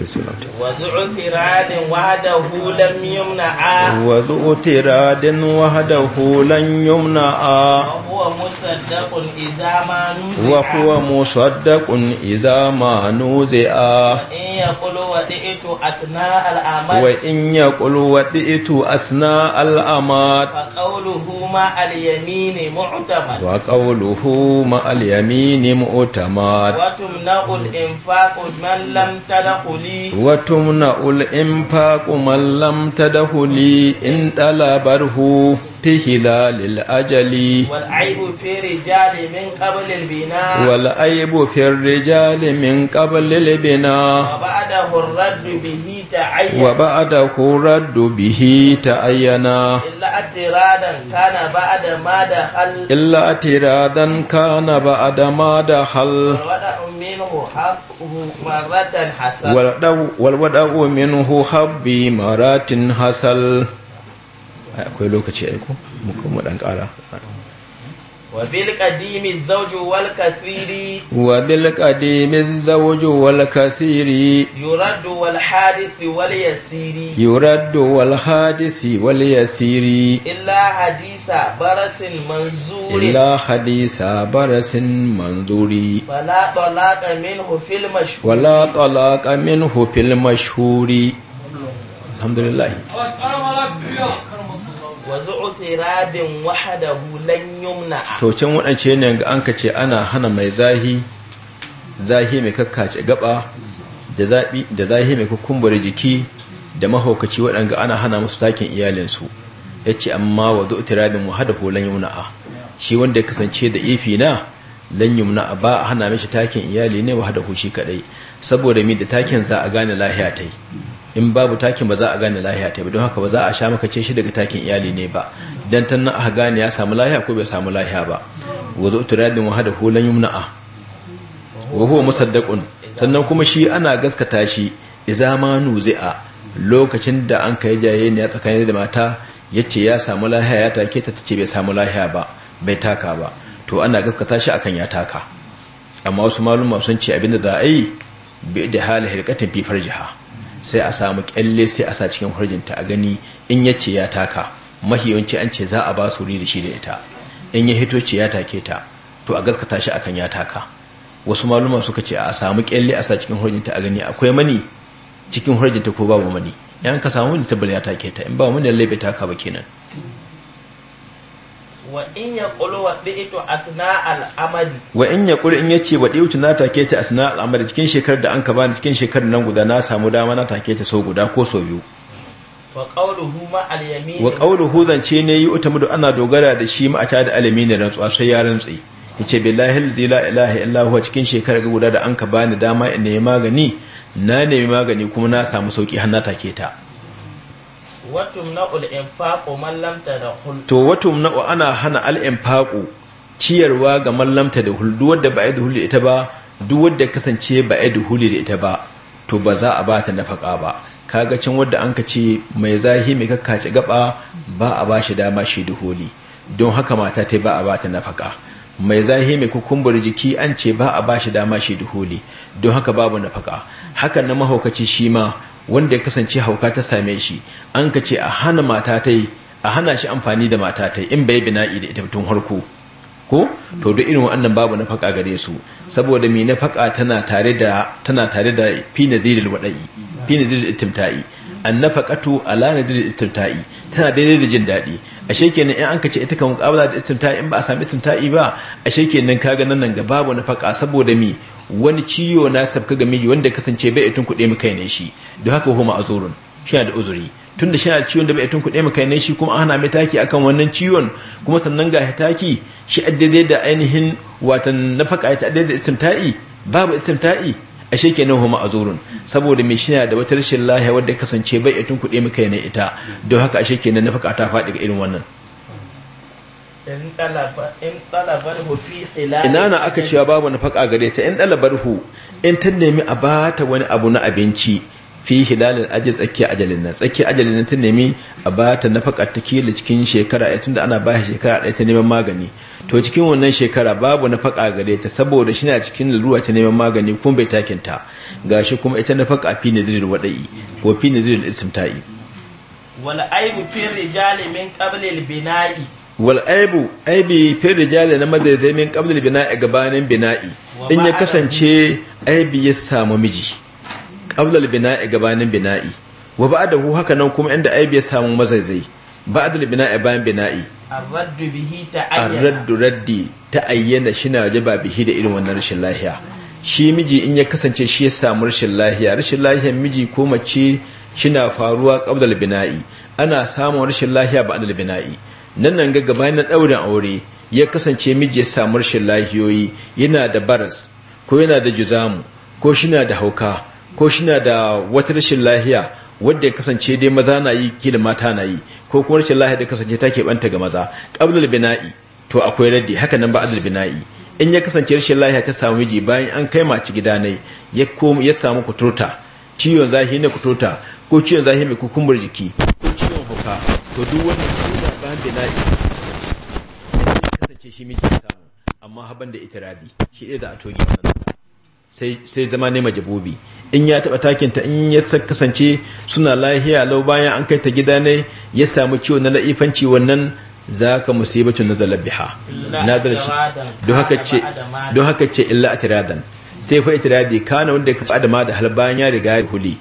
ke suna ta wa zu'tiradin wahdahu hulan yumna a wa huwa musaddaqun idza ma nuzi'a in وطئت أثناء الأمات وإن يقل وطئت أثناء الأمات فقوله مع اليمين معتمد وقوله مع اليمين معتمد وتمنع الإنفاق من لم تدخلي وتمنع الإنفاق من لم تدخلي إن طلبره في هلال الأجل والعيب في الرجال من قبل البناء والعيب في الرجال من قبل البناء وبعده الرد به تعين وبعده الرد به تعين إلا اعتراضا كان بعد ما دخل إلا اعتراضا كان بعد ما دخل منه حقه مرة حصل والودع منه حبي مرات حصل أقول لك شيء أكو مكمل أنك أرى وبالقديم الزوج والكثير يرد والحادث واليسير يرد والحادث واليسير إلا حديث برس منظور إلا حديث برس منظور ولا طلاق منه في المشهور ولا طلاق منه في المشهور الحمد لله iradin waɗance lan yumna to can wadance ne ga an kace ana hana mai zahi zahi mai kakkace gaba da zabi da zahi mai kukumbure jiki da mahaukaci wadanga ana hana musu takin iyalinsu su yace amma wa du tiradin lan yumna shi wanda ya kasance da ifi na lan yumna ba hana mashi takin iyali ne wahdahu shi kadai saboda mi da takin za a gane lahiya tai in babu takin ba za a gane lahiya ta ba don haka ba za a sha makace shi daga takin iyali ne ba dan tan na aka gane ya samu lahiya ko bai samu lahiya ba wa zo turadin wa hada hulan yumna'a wa huwa musaddaqun sannan kuma shi ana gaskata shi iza ma nuzi'a lokacin da an kai jaye ne tsakanin da mata yace ya samu lahiya ya take ta tace bai samu lahiya ba bai taka ba to ana gaskata shi akan ya taka amma wasu maluma sun ce abinda za a yi bi da hali hirkatin fifar jiha sai a samu kyalle sai a sa cikin hurjinta a gani in yace ya taka mahiyanci an ce za a ba su da shi da ita in ya hito ce ya take ta to a gaskata shi akan ya taka wasu maluma suka ce a samu kyalle a sa cikin hurjinta a gani akwai mani cikin hurjinta ko babu mani yan ka samu mani tabbala ya take ta in ba mani lalle bai taka ba kenan wa in ya kulu wa bi'tu asna al-amadi wa in ya kulu in yace wa bi'tu na take ta asna al-amadi cikin shekarar da an ka bani cikin shekarar nan guda na samu dama na take ta so guda ko so biyu wa qawluhu zance ne yi mudu ana dogara da shi ma'ata da alami ne rantsuwa sai ya rantsi yace billahi zila ilaha illa a cikin shekarar guda da an ka bani dama in nemi magani na nemi magani kuma na samu sauki har ta ke ta to watum na'u ana hana al'infaƙo ciyarwa ga mallamta da hulɗu wadda ba da hulli ita ba duk wadda kasance ba da hulli da ita ba to ba za a bata nafaka ba kaga cin wadda an ka ce mai zahi mai kakkace gaba ba a ba bashi dama shi duholi don haka mata ta ba a bata nafaka mai zahi mai kukumbur jiki an ce ba a ba bashi dama shi duholi don haka babu nafaka hakan na mahaukaci shi ma wanda ya kasance hauka ta same shi an ka ce a hana mata a hana shi amfani da mata ta in bai bina'i da ita tun harko ko to da irin wannan babu na faka gare su saboda me na faka tana tare da tana tare da fi nazirul wada'i fi naziril ittimta'i nafaqatu ala nazirul ittimta'i tana daidai da jin daɗi ashe kenan in an ka ce ita kan mukabala da istimta'i in ba a sami istimta'i ba ashe kenan kaga nan nan ga babu na faka saboda mi wani ciwo na sabka ga miji wanda kasance bai itun kuɗe mu kai ne shi don haka huma azurun shi da uzuri tunda shi na ciwon da bai tun kuɗe maka ne shi kuma ana mai taki akan wannan ciwon kuma sannan ga taki shi addade da ainihin watan nafaka ta addade da istimta'i babu istimta'i ashe kenan a zurun saboda mai shi da wata rashin lahiya wadda kasance bai tun kuɗe maka ne ita don haka a ashe na nafaka ta faɗi irin wannan ina na aka cewa babu nafaka gare ta in hu in ta nemi a bata wani abu na abinci fi hilalin ajiyar tsakiyar ajalin nan tsakiyar ajalin nan ta nemi a ba ta nafakar ta kila cikin shekara ɗaya tunda ana ba shekara ɗaya ta neman magani to cikin wannan shekara babu nafaka gare ta saboda shi na cikin lalura ta neman magani kuma bai ga gashi kuma ita nafaka fi zirin waɗa'i ko fi ne istimta'i wal wal aibu aibi fi rijali na mazaizai min qablil bina'i gabanin bina'i in ya kasance aibi ya samu miji afdal bina'i gabanin bina'i wa hu haka nan kuma inda aibi ya samu mazaizai ba'dal bina'i bayan bina'i ar-raddu bihi ta'ayyana ar-raddu raddi ta'ayyana shina wajaba bihi da irin wannan rashin lahiya shi miji in ya kasance shi ya samu rashin lahiya rashin lafiyar miji ko mace na faruwa qablal bina'i ana samun rashin lahiya ba'dal bina'i nan nan ga gabanin daurin aure ya kasance miji ya samu rashin lahiyoyi yana da baras ko yana da juzamu ko shi na da hauka ko shi na da wata rashin lahiya wadda ya kasance dai maza na yi kila mata na yi ko kuma rashin lahiya da kasance ta banta ga maza ƙablul bina'i to akwai raddi haka nan ba da bina'i in ya kasance rashin lahiya ta samu miji bayan an kai mace gida ne ya ya samu kuturta ciwon zahi na kuturta ko ciwon zahi mai kukumbar jiki ko ciwon huka to duk wani suna bayan bina'i ya kasance shi miji samu amma haban da Rabi shi ɗaya za a toge wannan sai zama ne majabubi in ya taɓa takinta in ya kasance suna lahiya lau bayan an kai ta gida ne ya samu ciwo na la'ifanci wannan za ka musibatu na zalabiha don haka ce illa a tiradan sai fa itiradi kana wanda ka kafa adama da hal bayan ya riga da huli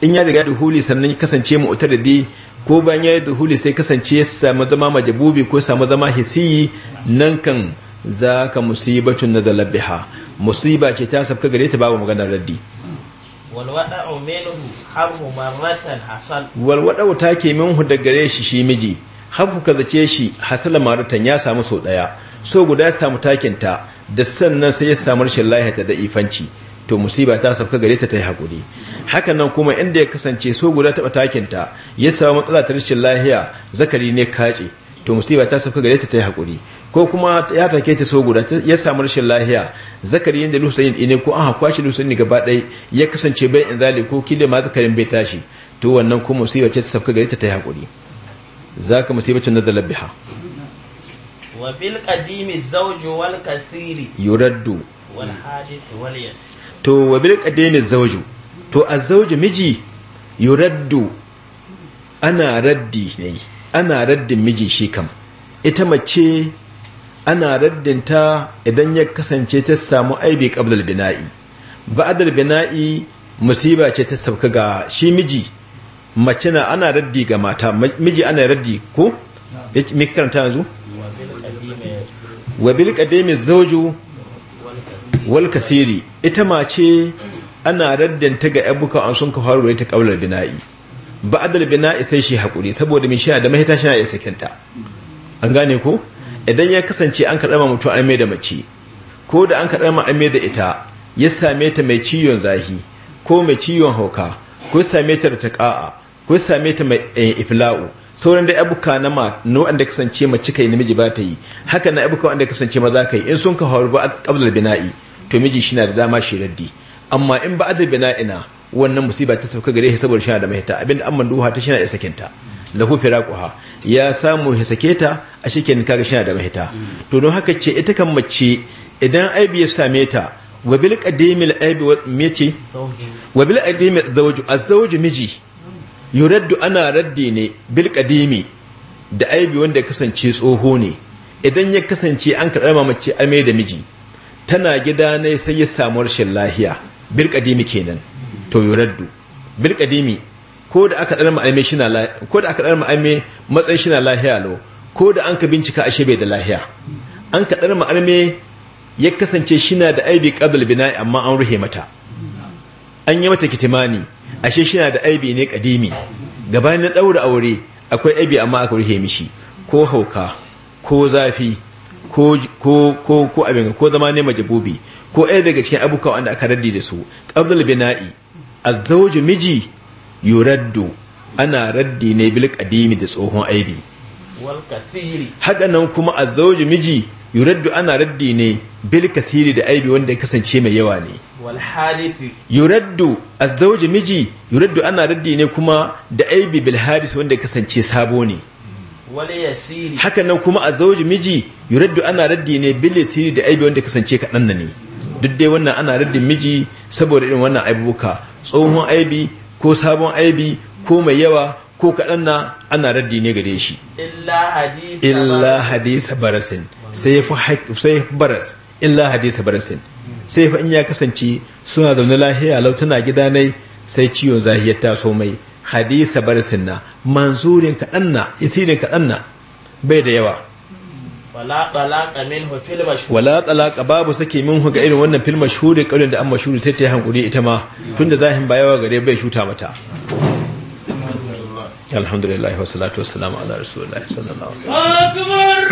in ya riga da huli sannan ya kasance mu utaradi ko bayan ya yi da huli sai kasance ya samu zama majabubi ko samu zama hisiyi nan kan za ka musibatu na zalabiha musiba ce ta sabka gare ta babu maganar raddi walwada'u minhu harhu minhu da gare shi shi miji haku ku zace shi hasala maratan ya samu so daya so guda ya samu takin ta da sannan sai ya samu rashin lahiya ta da ifanci to musiba ta sabka gare ta ta yi hakuri hakanan nan kuma inda ya kasance so guda taba takin ta ya samu matsala ta rashin lahiya zakari ne kace to musiba ta sabka gare ta ta yi hakuri ko kuma ya take ta so guda ya samu rashin lahiya zakari yanda yin ne ko an kwashi lusayin gaba ɗaya ya kasance bai in zali ko kile ma zakarin bai tashi to wannan kuma musiba ce ta sabka gari ta ta hakuri zaka musibacin na zalabiha wa bil qadimi zawj wal kathiri yuraddu wal hadis wal yas to wa bil qadimi zawj to azawj miji yuraddu ana raddi ne ana raddin miji shi kam ita mace ana raddinta idan ya kasance ta samu aibi qablal bina'i ba'dal bina'i musiba ce ta sabka ga shi miji mace na ana raddi ga mata miji ana raddi ko me karanta yanzu wa bil qadimi zawju wal kasiri ita mace ana raddinta ga abuka an sun ka faru ta kaular bina'i ba'dal bina'i sai shi hakuri saboda min da mahita shi na sakinta an gane ko idan ya kasance an kaɗa ma mutum an da mace ko da an kaɗa ma an da ita ya same ta mai ciwon zahi ko mai ciwon hauka ko same ta da taƙa'a ko same ta mai eh, ifla'u sauran da abuka na ma no wanda kasance mace kai namiji ba ta yi haka na abuka wanda kasance maza kai in sun ka hawar ba bina'i to miji shi na da dama shi raddi amma in ba a zai bina'ina wannan musiba ta sauka gare shi saboda shi da mahita abinda an manduha ta shi na isa sakinta. lahu firaquha ya samu ya sake ta a shikin kaga shi da mahita to don haka ce ita kan mace idan aibi ya same ta wa bil qadimil aibi mace wa bil qadimil zawju azwaj miji yuraddu ana raddi ne bil qadimi da aibi wanda ya kasance tsoho ne idan ya kasance an karɓar mace amai da miji tana gida ne sai ya samu rashin lahiya bil qadimi kenan to yuraddu bil qadimi ko da aka ɗan ma'aime shina lahiya ko da aka ɗan ma'aime matsayin shi na lahiya lo. ko da an ka bincika ashe bai da lahiya an ka ɗan ma'aime ya kasance shi na da aibi ƙabal bina amma an ruhe mata an yi mata kitimani ashe shi na da aibi ne ƙadimi gabanin ɗaura aure akwai aibi amma aka ruhe mishi ko hauka ko zafi ko ko ko abin ko zama ne majabubi ko ɗaya daga cikin abubuwa wanda aka raddi da su ƙabdul bina'i azzawju miji yuraddu ana raddi ne bil kadimi da tsohon aibi wal kathiri haka nan kuma zauji miji yuraddu ana raddi ne bil kasiri da aibi wanda ya kasance mai yawa ne wal a yuraddu miji yuraddu ana raddi ne kuma da aibi bil haris wanda ya kasance sabo ne wal yasiri haka nan kuma zauji miji yuraddu ana raddi ne bil yasiri da aibi wanda ya kasance kadan ne duk dai wannan ana raddin miji saboda irin wannan aibuka tsohon aibi ko sabon aibi ko mai yawa ko kaɗan na ana raddi ne gare shi illa hadisa barasin sai fi baras illa hadisa barasin sai fa in ya kasance suna zaune lahiya lautuna gida nai sai ciwon zahiyar taso mai hadisa barasin na manzurin kaɗan na isirin kaɗan na bai da yawa wala talaka babu sake minhu ga irin wannan fil mashhuri kaurin da an mashhuri sai ta yi hankuri ita ma tunda zahin ba yawa gare bai shuta mata alhamdulillah wa salatu wa salamu ala rasulillah sallallahu alaihi wasallam